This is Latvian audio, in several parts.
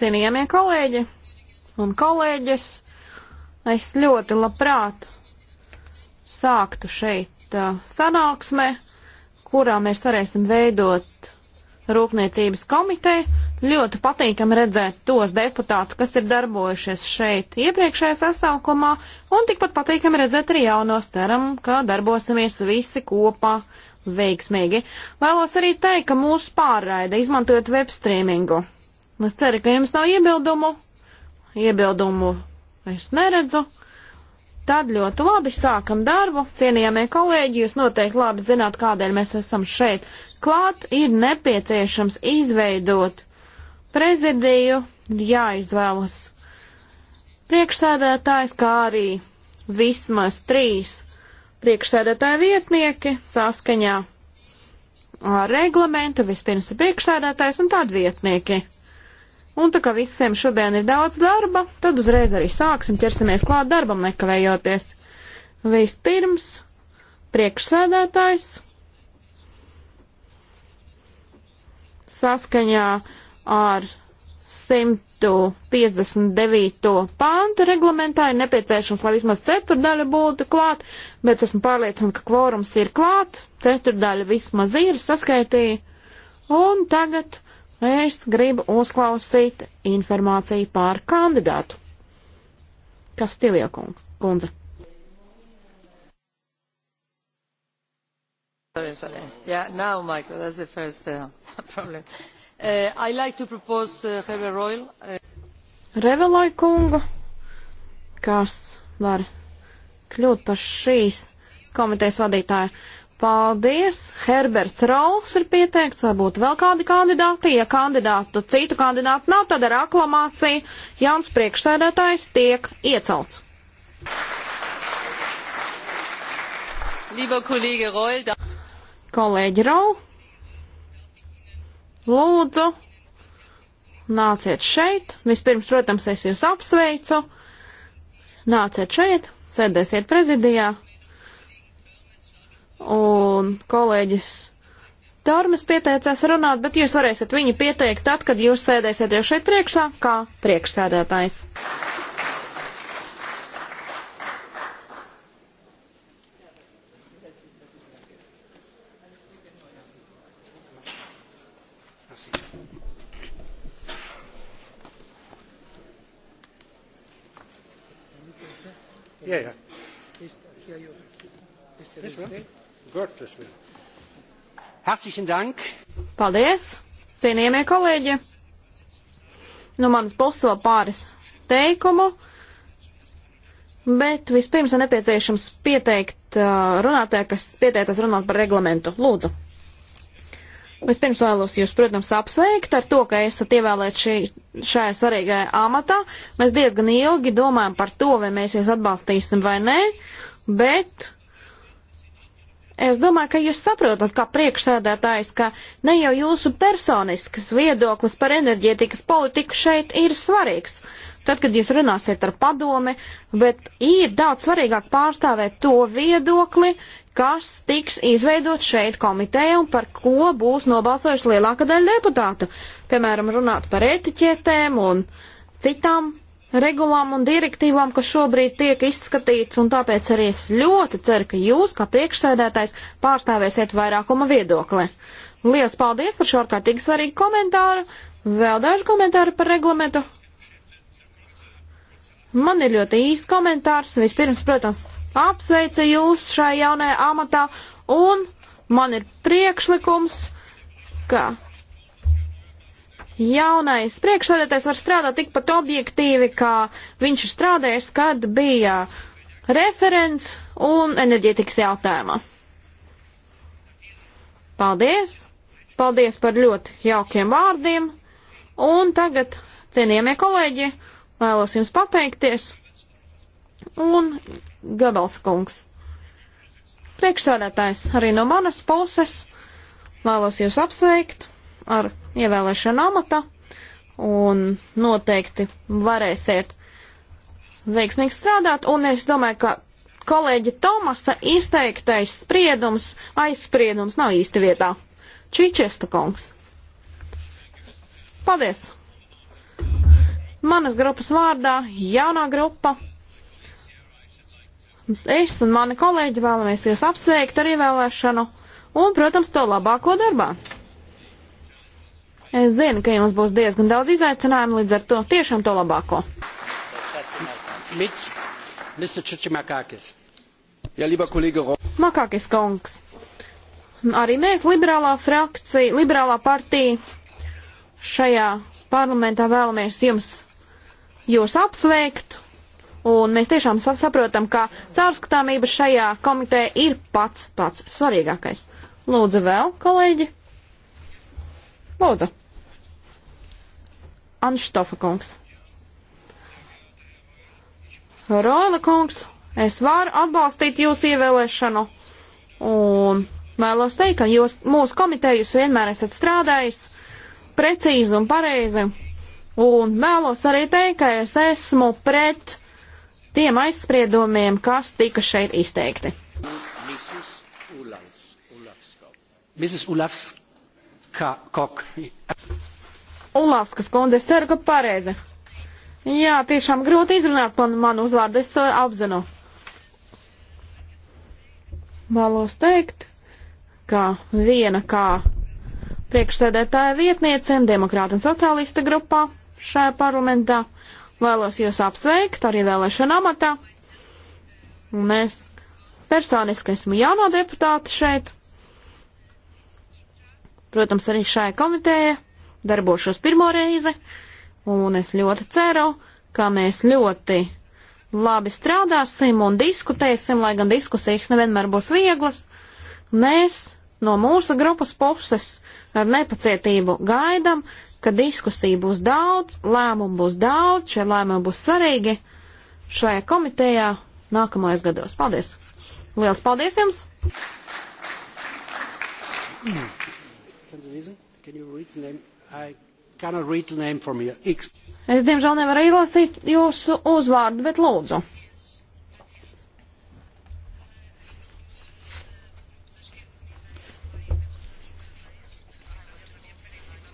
Cienījamie kolēģi un kolēģis, es ļoti labprāt sāktu šeit uh, sanāksmē, kurā mēs varēsim veidot Rūpniecības komiteju. Ļoti patīkam redzēt tos deputātus, kas ir darbojušies šeit iepriekšējā sasaukumā, un tikpat patīkam redzēt arī jaunos. Ceram, ka darbosimies visi kopā veiksmīgi. Vēlos arī teikt, ka mūsu pārraida izmantojot web streamingu. Es ceru, ka jums nav iebildumu. Iebildumu es neredzu. Tad ļoti labi sākam darbu. Cienījamie kolēģi, jūs noteikti labi zināt, kādēļ mēs esam šeit. Klāt ir nepieciešams izveidot prezidiju, jāizvēlas priekšsēdētājs, kā arī vismaz trīs priekšsēdētāja vietnieki saskaņā ar reglamentu, vispirms priekšsēdētājs un tad vietnieki. Un tā kā visiem šodien ir daudz darba, tad uzreiz arī sāksim, ķersimies klāt darbam nekavējoties. Vispirms priekšsēdētājs saskaņā ar 100. 159. pāntu reglamentā ir nepieciešams, lai vismaz ceturdaļa būtu klāt, bet esmu pārliecināta, ka kvorums ir klāt, ceturdaļa vismaz ir saskaitīja. Un tagad es gribu uzklausīt informāciju par kandidātu. Kas Tilija kundze? Sorry, sorry. Yeah, now, Michael, that's the first uh, problem. Uh, like to propose, uh, Reveroil, uh... Revelai kungu, kas var kļūt par šīs komitejas vadītāju. Paldies! Herberts Rauls ir pieteikts, varbūt vēl kādi kandidāti. Ja kandidātu, citu kandidātu nav, tad ar aklamāciju jauns priekšsēdētājs tiek iecelts. Kolēģi Rauls! lūdzu, nāciet šeit. Vispirms, protams, es jūs apsveicu. Nāciet šeit, sēdēsiet prezidijā. Un kolēģis Tormes pieteicās runāt, bet jūs varēsiet viņu pieteikt tad, kad jūs sēdēsiet jau šeit priekšā, kā priekšsēdētājs. Gottes Willen. Herzlichen Dank. Paldies, cienījamie kolēģi. Nu, manas puses vēl pāris teikumu, bet vispirms ir nepieciešams pieteikt uh, runātāju, kas pieteicās runāt par reglamentu. Lūdzu. Vispirms vēlos jūs, protams, apsveikt ar to, ka esat ievēlēti šī, šajā svarīgajā amatā. Mēs diezgan ilgi domājam par to, vai mēs jūs atbalstīsim vai nē, bet Es domāju, ka jūs saprotat, kā priekšsēdētājs, ka ne jau jūsu personisks viedoklis par enerģētikas politiku šeit ir svarīgs. Tad, kad jūs runāsiet ar padomi, bet ir daudz svarīgāk pārstāvēt to viedokli, kas tiks izveidot šeit komiteja un par ko būs nobalsojuši lielāka daļa deputātu. Piemēram, runāt par etiķetēm un citām regulām un direktīvām, kas šobrīd tiek izskatīts, un tāpēc arī es ļoti ceru, ka jūs, kā priekšsēdētājs, pārstāvēsiet vairākuma viedokli. Lielas paldies par šo ārkārtīgi svarīgu komentāru. Vēl daži komentāri par reglamentu. Man ir ļoti īsts komentārs. Vispirms, protams, apsveicu jūs šajā jaunajā amatā, un man ir priekšlikums, ka jaunais priekšsēdētājs var strādāt tikpat objektīvi, kā viņš ir strādājis, kad bija referents un enerģētikas jautājumā. Paldies! Paldies par ļoti jaukiem vārdiem! Un tagad, cienījamie kolēģi, vēlos jums pateikties. Un Gabels kungs. Priekšsēdētājs arī no manas puses vēlos jūs apsveikt ar ievēlēšanu amata un noteikti varēsiet veiksmīgi strādāt. Un es domāju, ka kolēģi Tomasa izteiktais spriedums, aizspriedums nav īsti vietā. Čičesta kungs. Paldies! Manas grupas vārdā jaunā grupa. Es un mani kolēģi vēlamies jūs apsveikt ar ievēlēšanu un, protams, to labāko darbā. Es zinu, ka jums būs diezgan daudz izaicinājumu, līdz ar to tiešām to labāko. Makakis kungs. Arī mēs, liberālā frakcija, liberālā partija, šajā parlamentā vēlamies jums, jūs apsveikt. Un mēs tiešām saprotam, ka caurskatāmība šajā komitē ir pats pats svarīgākais. Lūdzu vēl, kolēģi! Lūdzu! Anštofa kungs. Roila kungs, es varu atbalstīt jūsu ievēlēšanu un vēlos teikt, ka jūs mūsu komitejus vienmēr esat strādājis precīzi un pareizi. Un vēlos arī teikt, ka es esmu pret tiem aizspriedumiem, kas tika šeit izteikti. Mrs. Ulavska. Mrs. Ulavska. Kok. Ulavskas kundze, es ceru, ka pareizi. Jā, tiešām grūti izrunāt man, manu uzvārdu, es eh, apzinu. Vēlos teikt, ka viena kā priekšsēdētāja vietniece demokrāta un sociālista grupā šajā parlamentā vēlos jūs apsveikt arī vēlēšana amatā. Un es personiski esmu jauno deputāti šeit. Protams, arī šai komitējai darbošos pirmo reizi, un es ļoti ceru, ka mēs ļoti labi strādāsim un diskutēsim, lai gan diskusijas nevienmēr būs vieglas. Mēs no mūsu grupas puses ar nepacietību gaidam, ka diskusija būs daudz, lēmumu būs daudz, šie lēmumi būs svarīgi šajā komitejā nākamajos gados. Paldies! Lielas paldies jums! Can you read the name? I cannot read the name from you. X. Es diemžēl nevaru izlasīt jūsu uzvārdu, bet lūdzu.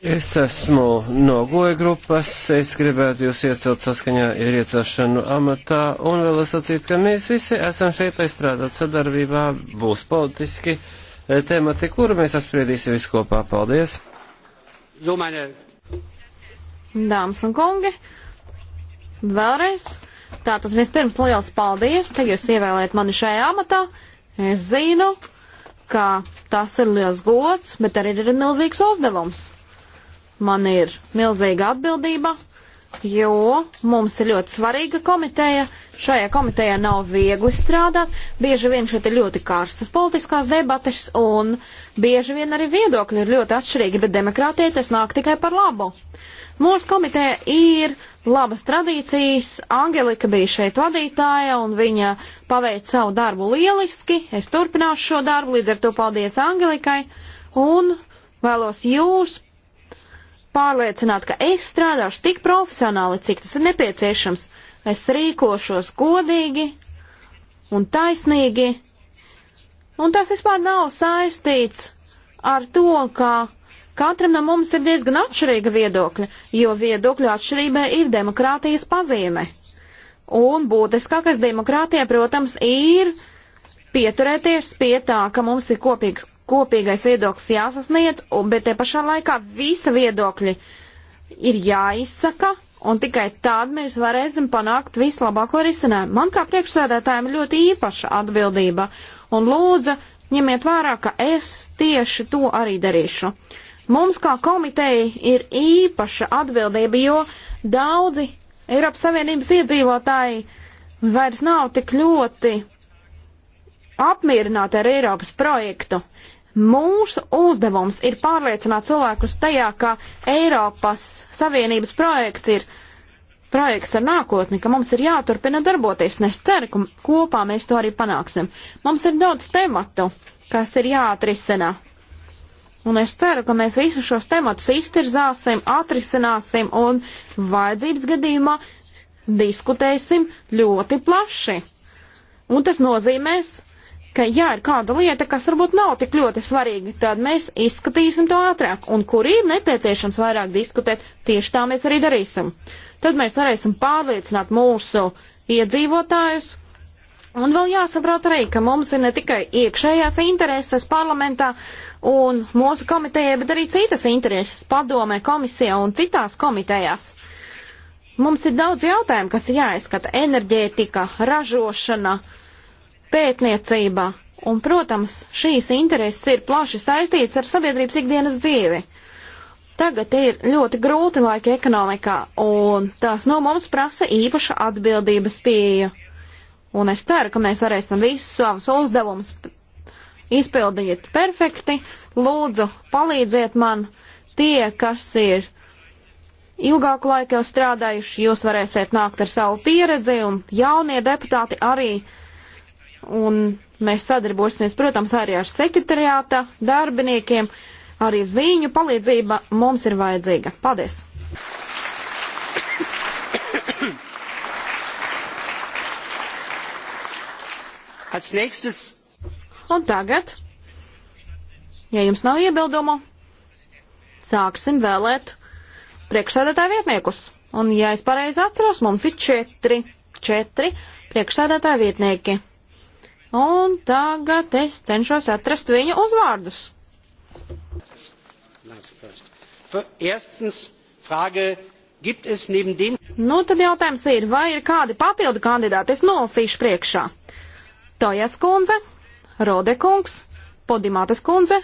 Es esmu no goja grupas, es gribētu jūs iecelt saskaņā ar iecelšanu amatā un vēl sacīt, ka mēs visi esam šeit, lai strādātu sadarbībā, būs politiski eh, temati, kuru mēs apspriedīsim viskopā. Paldies! So meine... Dāmas un kungi, vēlreiz. Tātad vispirms liels paldies, ka jūs ievēlējat mani šajā amatā. Es zinu, ka tas ir liels gods, bet arī ir milzīgs uzdevums. Man ir milzīga atbildība, jo mums ir ļoti svarīga komiteja, Šajā komitejā nav viegli strādāt, bieži vien šeit ir ļoti karstas politiskās debates un bieži vien arī viedokļi ir ļoti atšķirīgi, bet demokrātija tas nāk tikai par labu. Mūsu komiteja ir labas tradīcijas. Angelika bija šeit vadītāja un viņa paveic savu darbu lieliski. Es turpināšu šo darbu, līdz ar to paldies Angelikai un vēlos jūs pārliecināt, ka es strādāšu tik profesionāli, cik tas ir nepieciešams es rīkošos godīgi un taisnīgi, un tas vispār nav saistīts ar to, ka katram no mums ir diezgan atšķirīga viedokļa, jo viedokļu atšķirībai ir demokrātijas pazīme. Un būtiskākais demokrātijā, protams, ir pieturēties pie tā, ka mums ir kopīgs, kopīgais viedoklis jāsasniedz, un, bet te pašā laikā visa viedokļi ir jāizsaka Un tikai tad mēs varēsim panākt vislabāko risinājumu. Man kā priekšsēdētājiem ir ļoti īpaša atbildība. Un lūdzu, ņemiet vērā, ka es tieši to arī darīšu. Mums kā komiteja ir īpaša atbildība, jo daudzi Eiropas Savienības iedzīvotāji vairs nav tik ļoti apmierināti ar Eiropas projektu. Mūsu uzdevums ir pārliecināt cilvēkus tajā, ka Eiropas Savienības projekts ir projekts ar nākotni, ka mums ir jāturpina darboties, un es ceru, ka kopā mēs to arī panāksim. Mums ir daudz tematu, kas ir jāatrisina. Un es ceru, ka mēs visus šos tematus iztirzāsim, atrisināsim un vajadzības gadījumā diskutēsim ļoti plaši. Un tas nozīmēs ka, ja ir kāda lieta, kas varbūt nav tik ļoti svarīga, tad mēs izskatīsim to ātrāk, un kur ir nepieciešams vairāk diskutēt, tieši tā mēs arī darīsim. Tad mēs varēsim pārliecināt mūsu iedzīvotājus, un vēl jāsaprot arī, ka mums ir ne tikai iekšējās intereses parlamentā un mūsu komitejai, bet arī citas intereses padomē, komisijā un citās komitejās. Mums ir daudz jautājumu, kas ir jāizskata - enerģētika, ražošana, uh, pētniecība, un, protams, šīs intereses ir plaši saistītas ar sabiedrības ikdienas dzīvi. Tagad ir ļoti grūti laiki ekonomikā, un tās no mums prasa īpaša atbildības pieeja. Un es ceru, ka mēs varēsim visus savus uzdevumus izpildīt perfekti. Lūdzu, palīdziet man tie, kas ir ilgāku laiku jau strādājuši, jūs varēsiet nākt ar savu pieredzi, un jaunie deputāti arī un mēs sadarbosimies, protams, arī ar sekretariāta darbiniekiem. Arī viņu palīdzība mums ir vajadzīga. Paldies! Un tagad, ja jums nav iebildumu, sāksim vēlēt priekšsēdētāju vietniekus. Un, ja es pareizi atceros, mums ir četri, četri priekšsēdētāju vietnieki. Un tagad es cenšos atrast viņa uzvārdus. Nu, tad jautājums ir, vai ir kādi papildu kandidāti? Es nolasīšu priekšā. Tojas kundze, Rode kungs, Podimātas kundze.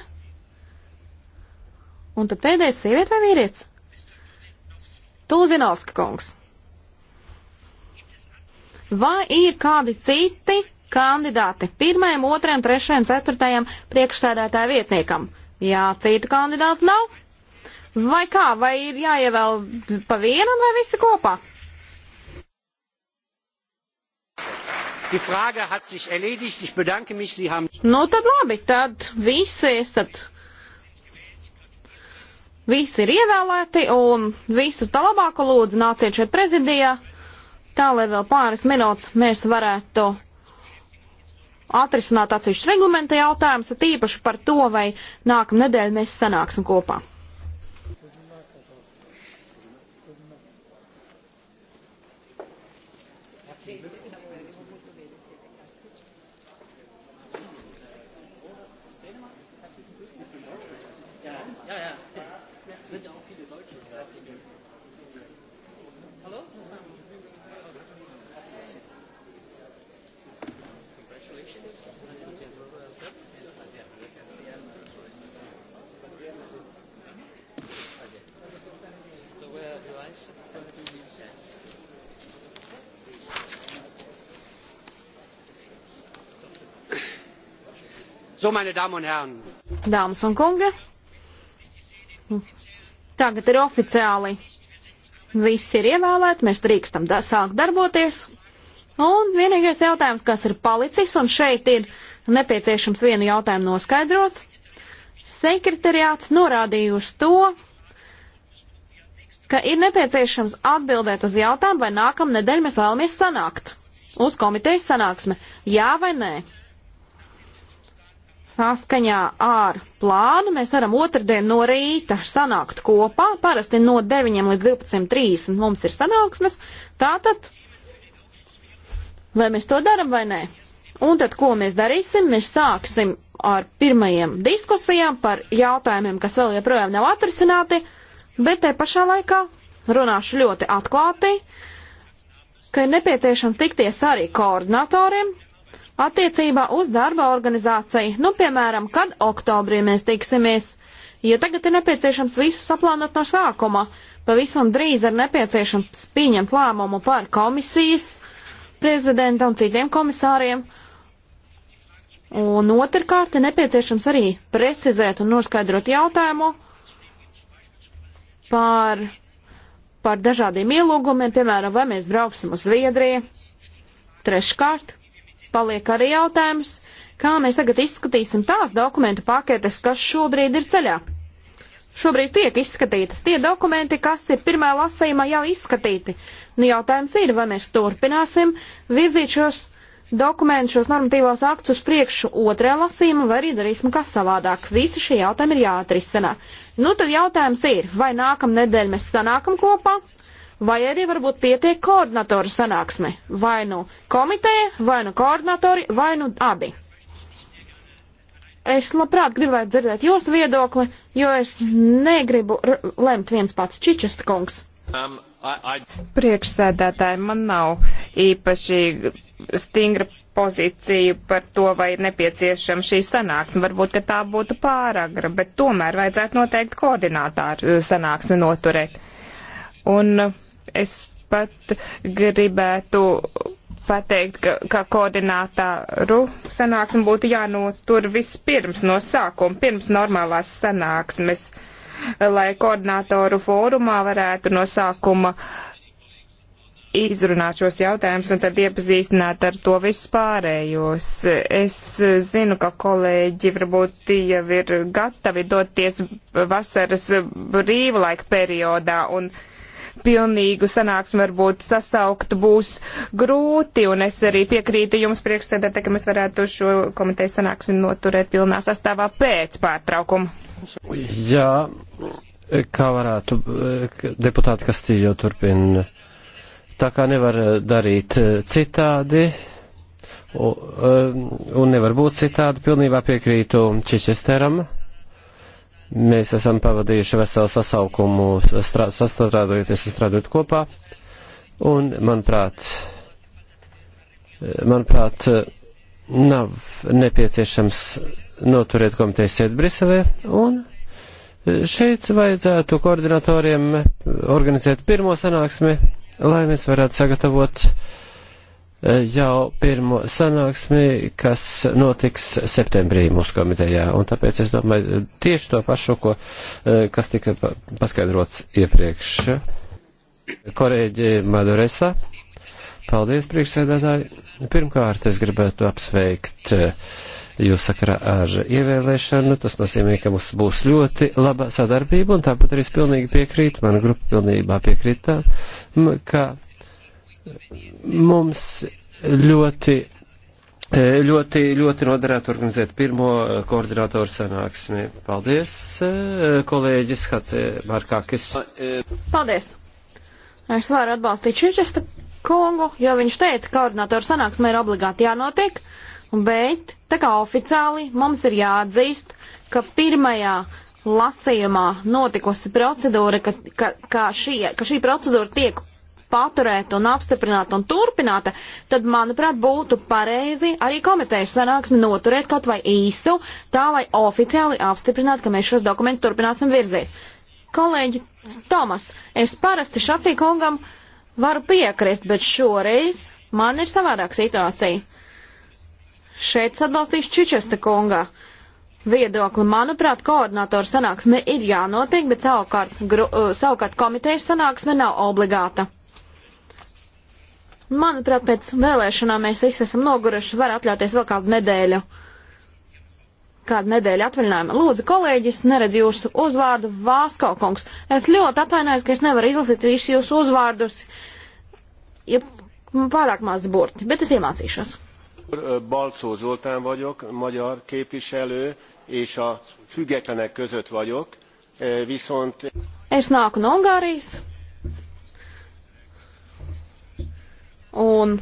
Un tad pēdējais sieviete vai vīrietis? Tūzinovska kungs. Vai ir kādi citi kandidāti pirmajam, otrajam, trešajam, ceturtajam priekšsēdētāja vietniekam. Jā, citu kandidātu nav? Vai kā? Vai ir jāievēl pa vienam vai visi kopā? Die Frage hat sich erledigt. Ich bedanke mich, Sie haben. Nu, tad labi, tad visi esat. Visi ir ievēlēti un visu tā labāko lūdzu nāciet šeit prezidijā. Tā lai vēl pāris minūtes mēs varētu atrisināt atsevišķus reglamenta jautājumus, tīpaši par to, vai nākamnedēļ mēs sanāksim kopā. So, meine Damen un Herren. Dāmas un kungi, tagad ir oficiāli visi ir ievēlēti, mēs drīkstam da sākt darboties. Un vienīgais jautājums, kas ir palicis, un šeit ir nepieciešams vienu jautājumu noskaidrot. Sekretariāts norādījusi to, ka ir nepieciešams atbildēt uz jautājumu, vai nākamnedēļ mēs vēlamies sanākt uz komitejas sanāksme. Jā vai nē? saskaņā ar plānu mēs varam otrdien no rīta sanākt kopā. Parasti no 9 līdz 12.30 mums ir sanāksmes. Tātad, vai mēs to darām vai nē? Un tad, ko mēs darīsim? Mēs sāksim ar pirmajiem diskusijām par jautājumiem, kas vēl joprojām nav atrisināti bet te pašā laikā runāšu ļoti atklāti, ka ir nepieciešams tikties arī koordinatoriem attiecībā uz darba organizāciju. Nu, piemēram, kad oktobrī mēs tiksimies, jo tagad ir nepieciešams visu saplānot no sākuma. Pavisam drīz ir nepieciešams pieņemt lēmumu par komisijas prezidenta un citiem komisāriem. Un otrkārt ir nepieciešams arī precizēt un noskaidrot jautājumu, par, par dažādiem ielūgumiem, piemēram, vai mēs brauksim uz Zviedriju. Treškārt, paliek arī jautājums, kā mēs tagad izskatīsim tās dokumentu paketes, kas šobrīd ir ceļā. Šobrīd tiek izskatītas tie dokumenti, kas ir pirmā lasījumā jau izskatīti. Nu, jautājums ir, vai mēs turpināsim virzīt šos dokumentu, šos normatīvos aktus uz priekšu otrajā lasījumā, vai arī darīsim kā savādāk. Visi šie jautājumi ir jāatrisina. Nu, tad jautājums ir, vai nākamnedēļ mēs sanākam kopā, vai arī varbūt pietiek koordinatoru sanāksme. Vai nu komiteja, vai nu koordinatori, vai nu abi. Es labprāt gribētu dzirdēt jūsu viedokli, jo es negribu lemt viens pats Čičesta kungs. Um, Priekšsēdētāji, man nav īpaši stingra pozīcija par to, vai ir nepieciešama šī sanāksme. Varbūt, ka tā būtu pāragra, bet tomēr vajadzētu noteikti koordinātāru eh, sanāksmi noturēt. Un eh, es pat gribētu pateikt, ka, ka koordinātāru sanāksme būtu jānotur vispirms no sākuma, pirms normālās sanāksmes. Uh, lai koordinātoru fórumā varētu no sākuma izrunāt šos jautājumus un tad iepazīstināt ar to vispārējos. Es zinu, ka kolēģi varbūt jau ir gatavi doties vasaras brīvlaika periodā un uh, pilnīgu sanāksmi varbūt sasaukt būs grūti, un es arī piekrītu jums priekšsēdētē, ka mēs varētu šo komiteju sanāksmi noturēt pilnā sastāvā pēc pārtraukuma. Jā, kā varētu deputāti Kastīļo turpina. Tā kā nevar darīt citādi um, un nevar būt citādi, pilnībā piekrītu Čičesteram. Mēs esam pavadījuši veselu sasaukumu sastrādājoties un strādājot kopā. Un, manuprāt, manuprāt, nav nepieciešams noturēt komitejas sēdi Briselē un šeit vajadzētu koordinatoriem organizēt pirmo sanāksmi, lai mēs varētu sagatavot uh, Eh, jau pirmo sanāksmi, kas notiks septembrī mūsu komitejā. Un tāpēc es domāju eh, tieši to pašu, ko, eh, kas tika paskaidrots iepriekš. Korēģi Maduresa, paldies priekšsēdētāji. Pirmkārt, es gribētu apsveikt jūs sakarā ar ievēlēšanu. Tas nozīmē, ka mums būs ļoti laba sadarbība, un tāpat arī es pilnīgi piekrītu, mana grupa pilnībā piekrītā, ka mums ļoti e, Ļoti, ļoti noderētu organizēt pirmo e, koordinātoru sanāksmi. Paldies, e, kolēģis Hacē Markakis. Paldies. Es varu atbalstīt Šičesta kungu, jo viņš teica, ka koordinātoru sanāksme ir obligāti jānotiek, bet tā kā oficiāli mums ir jāatzīst, ka pirmajā lasījumā notikusi procedūra, ka, ka, ka, šī, ka šī procedūra tiek paturēt un apstiprināt un turpināt, tad, manuprāt, būtu pareizi arī komitejas sanāksmi noturēt kaut vai īsu, tā lai oficiāli apstiprinātu, ka mēs šos dokumentus turpināsim virzīt. Kolēģi Tomas, es parasti šacīkungam varu piekrist, bet šoreiz man ir savādāka situācija. Šeit atbalstīšu Čičesta kungā viedokli. Manuprāt, koordinātoru sanāksme ir jānotiek, bet savukārt, gru, savukārt komitejas sanāksme nav obligāta. Manuprāt, pēc vēlēšanām mēs visi esam noguruši, var atļauties vēl kādu nedēļu. Kādu nedēļu atvaļinājumu. Lūdzu, kolēģis, neredz jūsu uzvārdu Vāskau kungs. Es ļoti atvainojos, ka es nevaru izlasīt visus jūsu uzvārdus, ja pārāk maz burti, bet es iemācīšos. Balcó Zoltán vagyok, magyar képviselő, és a függetlenek között vagyok, viszont... Es nāku no Ungārijas, Un,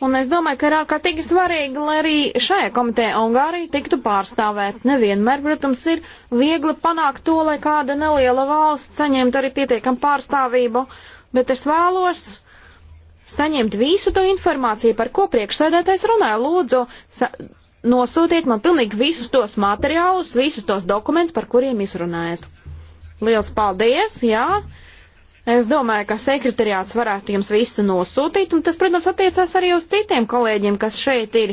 un es domāju, ka ir ārkārtīgi svarīgi, lai arī šajā komitē Ungārija tiktu pārstāvēt. Nevienmēr, protams, ir viegli panākt to, lai kāda neliela valsts saņemtu arī pietiekam pārstāvību, bet es vēlos saņemt visu to informāciju, par ko priekšsēdētais runāja. Lūdzu, nosūtiet man pilnīgi visus tos materiālus, visus tos dokumentus, par kuriem jūs runājat. Liels paldies, jā, Es domāju, ka sekretariāts varētu jums visu nosūtīt, un tas, protams, attiecās arī uz citiem kolēģiem, kas šeit ir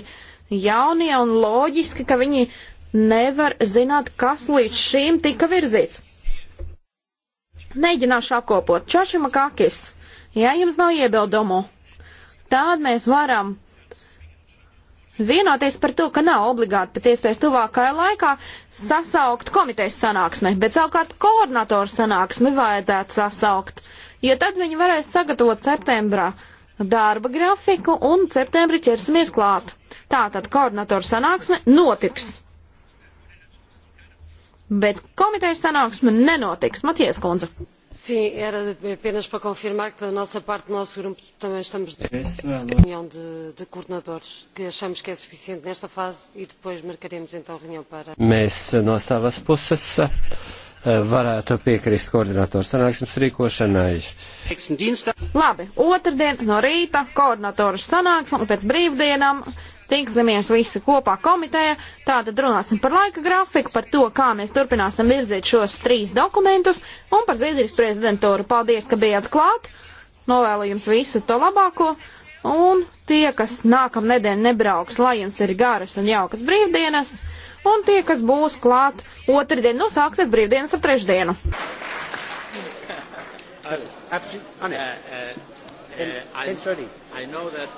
jaunie un loģiski, ka viņi nevar zināt, kas līdz šim tika virzīts. Mēģināšu apkopot. Čašima kakis, ja jums nav iebildumu, tad mēs varam vienoties par to, ka nav obligāti pēc iespējas tuvākajā laikā sasaukt komitejas sanāksmi, bet savukārt koordinatoru sanāksmi vajadzētu sasaukt, jo tad viņi varēs sagatavot septembrā darba grafiku un septembrī ķersimies klāt. Tātad koordinatoru sanāksme notiks. Bet komitejas sanāksme nenotiks. Maties Konza. Sim, era apenas para confirmar que da nossa parte, do nosso grupo, também estamos de reunião de, de coordenadores, que achamos que é suficiente nesta fase e depois marcaremos então reunião para. Mēs no savas puses eh, varētu piekrist koordinatoru sanāksmes rīkošanai. Labi, otrdien no rīta koordinatoru sanāksme un pēc brīvdienām tiksimies visi kopā komitejā, tātad runāsim par laika grafiku, par to, kā mēs turpināsim virzīt šos trīs dokumentus un par Zviedrijas prezidentūru. Paldies, ka bijāt klāt, novēlu jums visu to labāko un tie, kas nākam nedēļ nebrauks, lai jums ir garas un jaukas brīvdienas, un tie, kas būs klāt otrdien, nu sāksies brīvdienas ar trešdienu. Uh, uh, uh, uh, I know that